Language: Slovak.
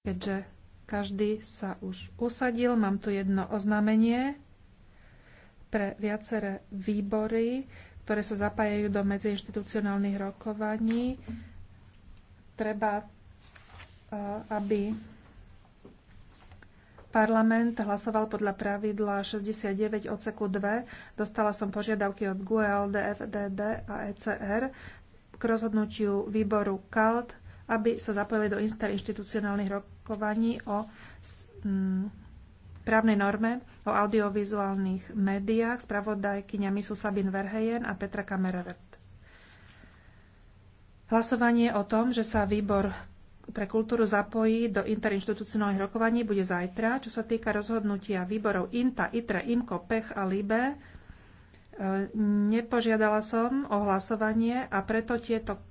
Keďže každý sa už usadil, mám tu jedno oznámenie pre viaceré výbory, ktoré sa zapájajú do medziinstitucionálnych rokovaní. Treba, eh, aby parlament hlasoval podľa pravidla 69 odseku 2. Dostala som požiadavky od GUE, LDF, DD a ECR k rozhodnutiu výboru CALT aby sa zapojili do interinstitucionálnych rokovaní o mm, právnej norme o audiovizuálnych médiách. Spravodajkyňami sú Sabin Verheyen a Petra Kamerevert. Hlasovanie o tom, že sa výbor pre kultúru zapojí do interinstitucionálnych rokovaní, bude zajtra. Čo sa týka rozhodnutia výborov INTA, ITRE, IMKO, PECH a LIBE, e, nepožiadala som o hlasovanie a preto tieto